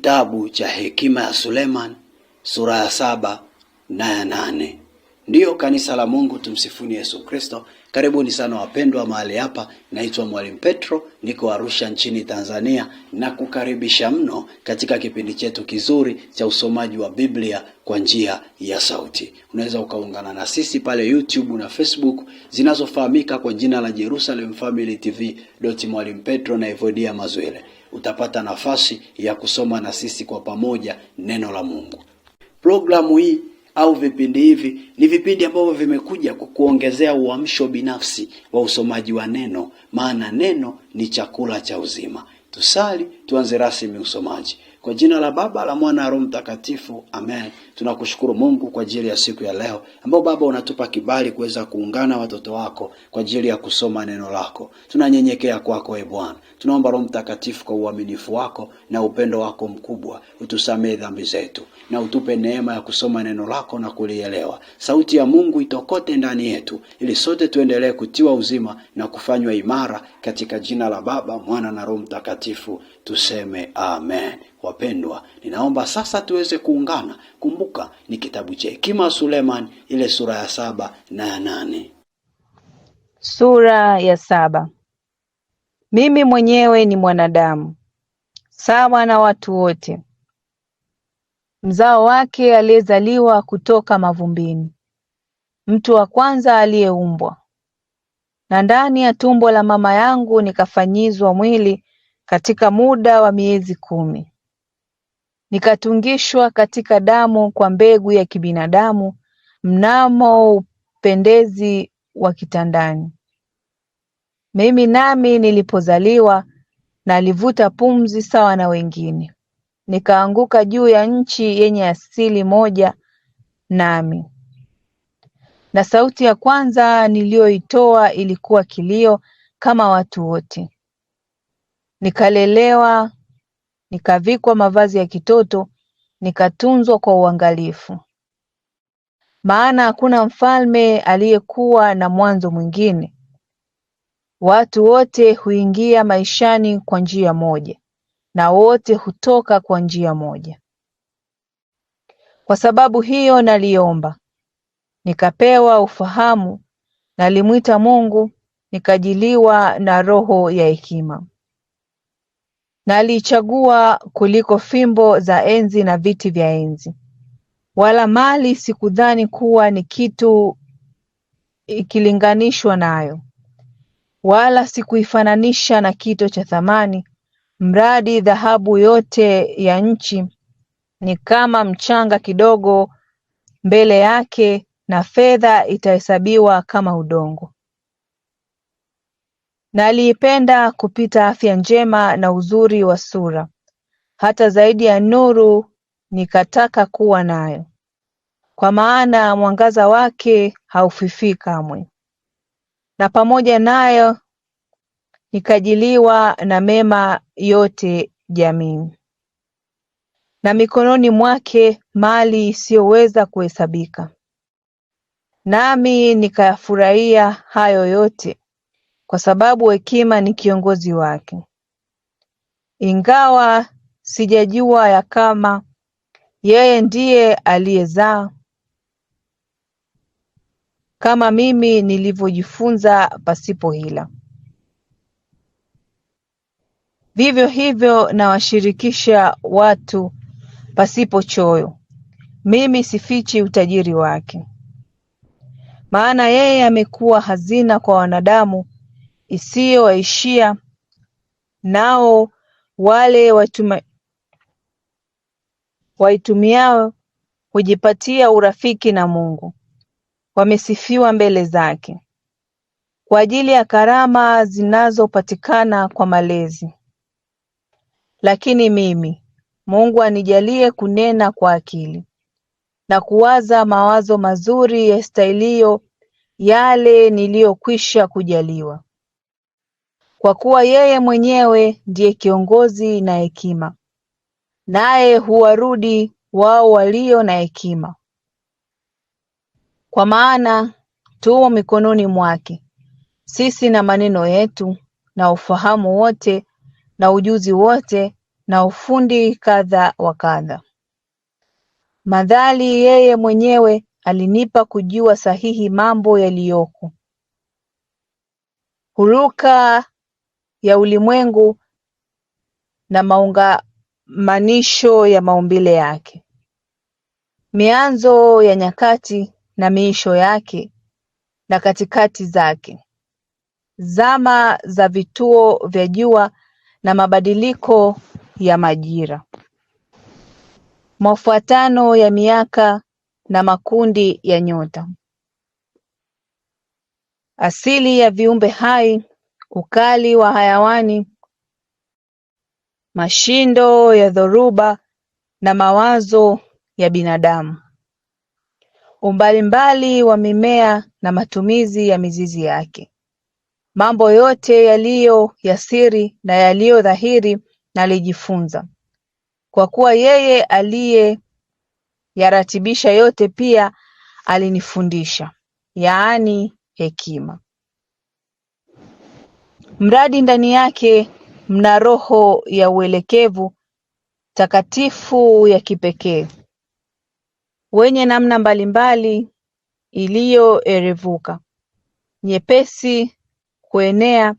Kitabu cha Hekima ya Suleman sura ya saba na ya nane. Ndiyo kanisa la Mungu, tumsifuni Yesu Kristo. Karibuni sana wapendwa mahali hapa. Naitwa Mwalimu Petro, niko Arusha nchini Tanzania na kukaribisha mno katika kipindi chetu kizuri cha usomaji wa Biblia kwa njia ya sauti. Unaweza ukaungana na sisi pale YouTube na Facebook zinazofahamika kwa jina la Jerusalem Family TV doti Mwalimu Petro na Evodia Mazwile. Utapata nafasi ya kusoma na sisi kwa pamoja neno la Mungu. Programu hii au vipindi hivi ni vipindi ambavyo vimekuja kukuongezea uamsho binafsi wa usomaji wa neno, maana neno ni chakula cha uzima. Tusali tuanze rasmi usomaji. Kwa jina la Baba la Mwana na Roho Mtakatifu, amen. Tunakushukuru Mungu kwa ajili ya siku ya leo, ambao Baba unatupa kibali kuweza kuungana watoto wako kwa ajili ya kusoma neno lako. Tunanyenyekea kwako e Bwana, tunaomba Roho Mtakatifu kwa uaminifu wako na upendo wako mkubwa utusamehe dhambi zetu na utupe neema ya kusoma neno lako na kulielewa. Sauti ya Mungu itokote ndani yetu, ili sote tuendelee kutiwa uzima na kufanywa imara, katika jina la Baba, Mwana na Roho Mtakatifu tuseme amen. Wapendwa, ninaomba sasa tuweze kuungana. Kumbuka ni kitabu cha Hekima Suleman, ile sura ya saba na ya nane. Sura ya saba. Mimi mwenyewe ni mwanadamu sawa na watu wote, mzao wake aliyezaliwa kutoka mavumbini, mtu wa kwanza aliyeumbwa, na ndani ya tumbo la mama yangu nikafanyizwa mwili katika muda wa miezi kumi nikatungishwa katika damu kwa mbegu ya kibinadamu mnamo upendezi wa kitandani. Mimi nami nilipozaliwa nalivuta pumzi sawa na wengine, nikaanguka juu ya nchi yenye asili moja nami, na sauti ya kwanza niliyoitoa ilikuwa kilio kama watu wote. Nikalelewa nikavikwa mavazi ya kitoto nikatunzwa kwa uangalifu maana hakuna mfalme aliyekuwa na mwanzo mwingine watu wote huingia maishani kwa njia moja na wote hutoka kwa njia moja Kwa sababu hiyo naliomba nikapewa ufahamu nalimwita Mungu nikajiliwa na roho ya hekima na aliichagua kuliko fimbo za enzi na viti vya enzi wala mali sikudhani kuwa ni kitu ikilinganishwa nayo, wala sikuifananisha na kito cha thamani; mradi dhahabu yote ya nchi ni kama mchanga kidogo mbele yake, na fedha itahesabiwa kama udongo na aliipenda kupita afya njema na uzuri wa sura, hata zaidi ya nuru nikataka kuwa nayo, kwa maana mwangaza wake haufifii kamwe, na pamoja nayo nikajiliwa na mema yote jamii, na mikononi mwake mali isiyoweza kuhesabika. Nami nikayafurahia hayo yote kwa sababu Hekima ni kiongozi wake ingawa sijajua ya kama yeye ndiye aliyezaa kama mimi nilivyojifunza pasipo hila. Vivyo hivyo nawashirikisha watu pasipo choyo, mimi sifichi utajiri wake, maana yeye amekuwa hazina kwa wanadamu isiyowaishia nao wale waitumiao hujipatia urafiki na Mungu, wamesifiwa mbele zake kwa ajili ya karama zinazopatikana kwa malezi. Lakini mimi Mungu anijalie kunena kwa akili na kuwaza mawazo mazuri yastahiliyo yale niliyokwisha kujaliwa kwa kuwa yeye mwenyewe ndiye kiongozi na hekima, naye huwarudi wao walio na hekima, kwa maana tumo mikononi mwake sisi na maneno yetu na ufahamu wote na ujuzi wote na ufundi kadha wa kadha, madhali yeye mwenyewe alinipa kujua sahihi mambo yaliyoko, huruka ya ulimwengu na maungamanisho ya maumbile yake, mianzo ya nyakati na miisho yake, na katikati zake, zama za vituo vya jua na mabadiliko ya majira, mafuatano ya miaka na makundi ya nyota, asili ya viumbe hai ukali wa hayawani, mashindo ya dhoruba na mawazo ya binadamu, umbalimbali wa mimea na matumizi ya mizizi yake, mambo yote yaliyo ya siri na yaliyo dhahiri nalijifunza, kwa kuwa yeye aliyeyaratibisha yote pia alinifundisha, yaani hekima mradi ndani yake mna roho ya uelekevu takatifu ya kipekee wenye namna mbalimbali iliyoerevuka, nyepesi kuenea,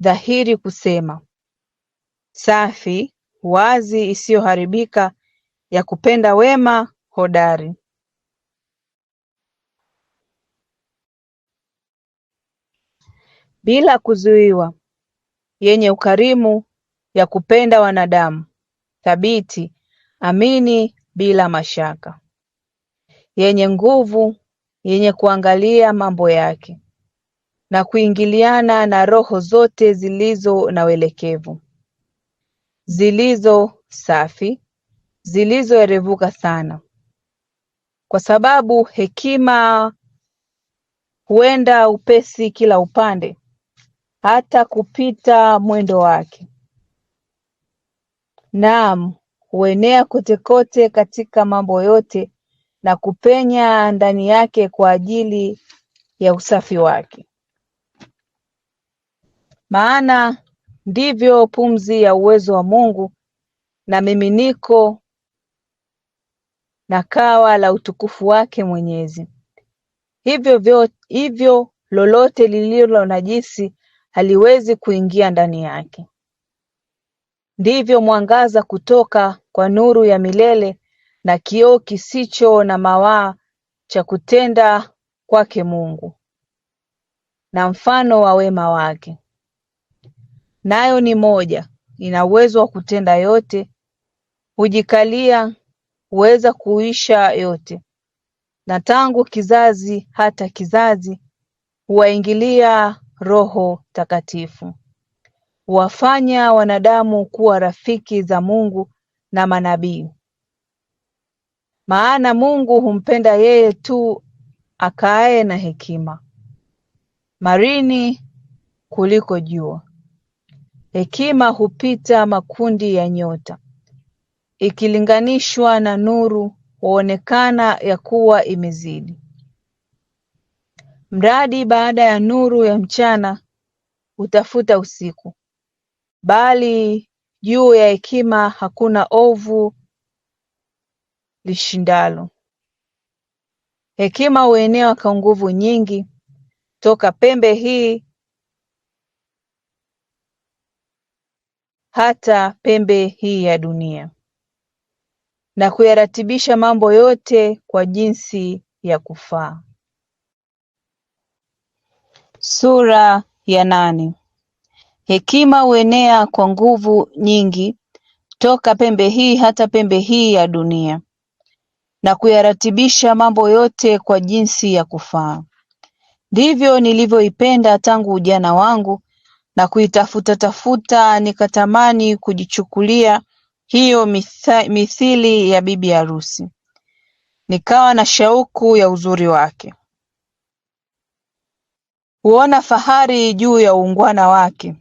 dhahiri kusema, safi, wazi, isiyoharibika, ya kupenda wema, hodari. Bila kuzuiwa, yenye ukarimu ya kupenda wanadamu thabiti amini bila mashaka yenye nguvu yenye kuangalia mambo yake na kuingiliana na roho zote zilizo na uelekevu zilizo safi zilizoerevuka sana, kwa sababu hekima huenda upesi kila upande, hata kupita mwendo wake naam huenea kote kote katika mambo yote na kupenya ndani yake kwa ajili ya usafi wake maana ndivyo pumzi ya uwezo wa Mungu na miminiko na kawa la utukufu wake Mwenyezi. Hivyo vyo, hivyo lolote lililo najisi haliwezi kuingia ndani yake. Ndivyo mwangaza kutoka kwa nuru ya milele na kioo kisicho na mawaa cha kutenda kwake Mungu na mfano wa wema wake, nayo ni moja, ina uwezo wa kutenda yote, hujikalia, huweza kuisha yote, na tangu kizazi hata kizazi huwaingilia Roho takatifu huwafanya wanadamu kuwa rafiki za Mungu na manabii maana Mungu humpenda yeye tu akaaye na hekima marini kuliko jua. Hekima hupita makundi ya nyota, ikilinganishwa na nuru huonekana ya kuwa imezidi mradi baada ya nuru ya mchana hutafuta usiku, bali juu ya hekima hakuna ovu lishindalo. Hekima huenewa kwa nguvu nyingi toka pembe hii hata pembe hii ya dunia, na kuyaratibisha mambo yote kwa jinsi ya kufaa. Sura ya nane Hekima huenea kwa nguvu nyingi toka pembe hii hata pembe hii ya dunia, na kuyaratibisha mambo yote kwa jinsi ya kufaa. Ndivyo nilivyoipenda tangu ujana wangu, na kuitafuta tafuta, nikatamani kujichukulia hiyo mithili ya bibi harusi, nikawa na shauku ya uzuri wake. Huona fahari juu ya uungwana wake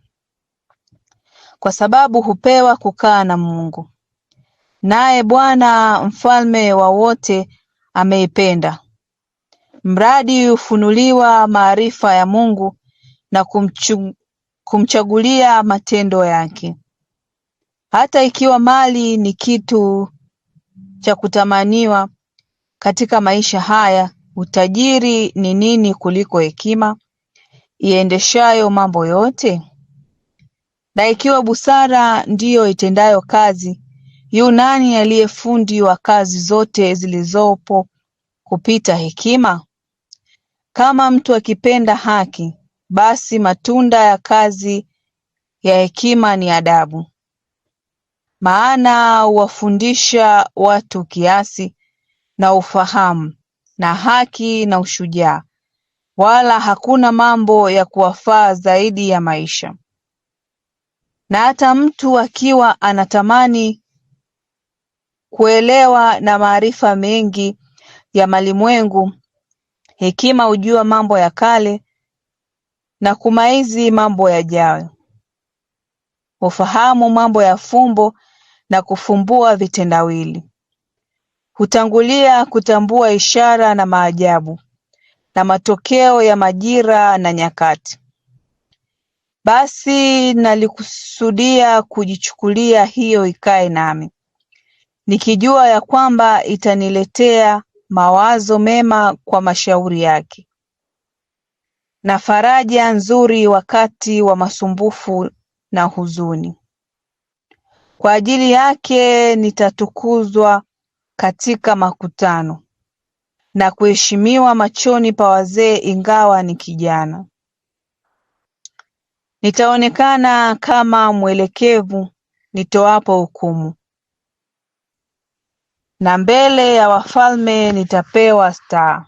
kwa sababu hupewa kukaa na Mungu. Naye Bwana mfalme wa wote ameipenda, mradi hufunuliwa maarifa ya Mungu na kumchu, kumchagulia matendo yake. Hata ikiwa mali ni kitu cha kutamaniwa katika maisha haya, utajiri ni nini kuliko hekima? iendeshayo mambo yote? Na ikiwa busara ndiyo itendayo kazi, yu nani aliye fundi wa kazi zote zilizopo kupita hekima? Kama mtu akipenda haki, basi matunda ya kazi ya hekima ni adabu. Maana huwafundisha watu kiasi na ufahamu na haki na ushujaa, wala hakuna mambo ya kuwafaa zaidi ya maisha na hata mtu akiwa anatamani kuelewa na maarifa mengi ya malimwengu, hekima hujua mambo ya kale na kumaizi mambo yajayo, hufahamu mambo ya fumbo na kufumbua vitendawili, hutangulia kutambua ishara na maajabu, na matokeo ya majira na nyakati, basi nalikusudia kujichukulia hiyo ikae nami, nikijua ya kwamba itaniletea mawazo mema kwa mashauri yake na faraja nzuri wakati wa masumbufu na huzuni. Kwa ajili yake nitatukuzwa katika makutano, na kuheshimiwa machoni pa wazee ingawa ni kijana nitaonekana kama mwelekevu nitoapo hukumu na mbele ya wafalme nitapewa staa.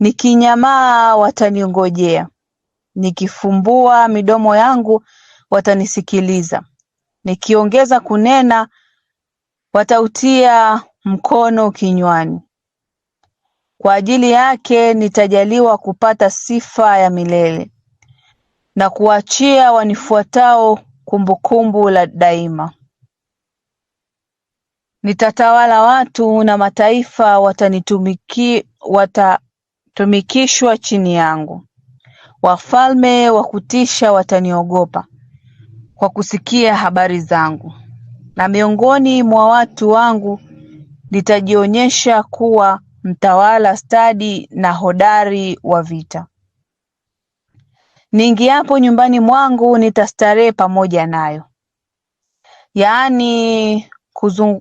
Nikinyamaa wataningojea, nikifumbua midomo yangu watanisikiliza. Nikiongeza kunena, watautia mkono kinywani, kwa ajili yake nitajaliwa kupata sifa ya milele, na kuachia wanifuatao kumbukumbu la daima. Nitatawala watu na mataifa watanitumiki, watatumikishwa chini yangu. Wafalme wa kutisha wataniogopa kwa kusikia habari zangu, na miongoni mwa watu wangu litajionyesha kuwa mtawala stadi na hodari wa vita. Niingiapo nyumbani mwangu nitastarehe pamoja nayo, yaani kuzung,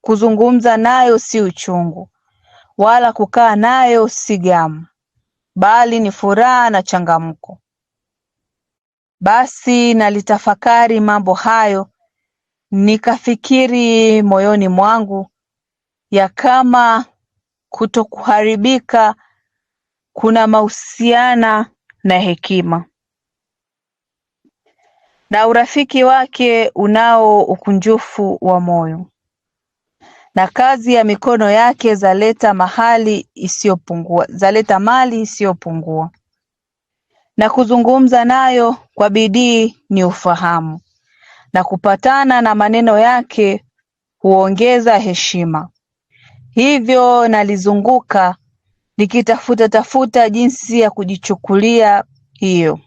kuzungumza nayo si uchungu, wala kukaa nayo si gamu, bali ni furaha na changamko. Basi nalitafakari mambo hayo, nikafikiri moyoni mwangu ya kama kutokuharibika kuna mahusiana na hekima na urafiki wake unao ukunjufu wa moyo, na kazi ya mikono yake zaleta mahali isiyopungua zaleta mali isiyopungua, na kuzungumza nayo kwa bidii ni ufahamu, na kupatana na maneno yake huongeza heshima Hivyo nalizunguka nikitafuta tafuta jinsi ya kujichukulia hiyo.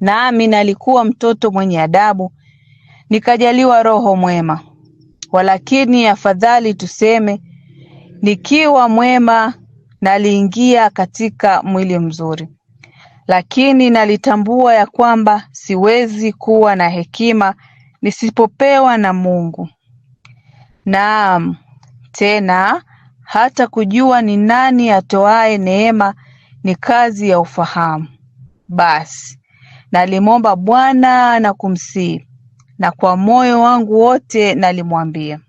Nami nalikuwa mtoto mwenye adabu, nikajaliwa roho mwema, walakini afadhali tuseme nikiwa mwema naliingia katika mwili mzuri, lakini nalitambua ya kwamba siwezi kuwa na hekima nisipopewa na Mungu. Naam, tena hata kujua ni nani atoaye neema ni kazi ya ufahamu. Basi nalimwomba Bwana na kumsii na kwa moyo wangu wote nalimwambia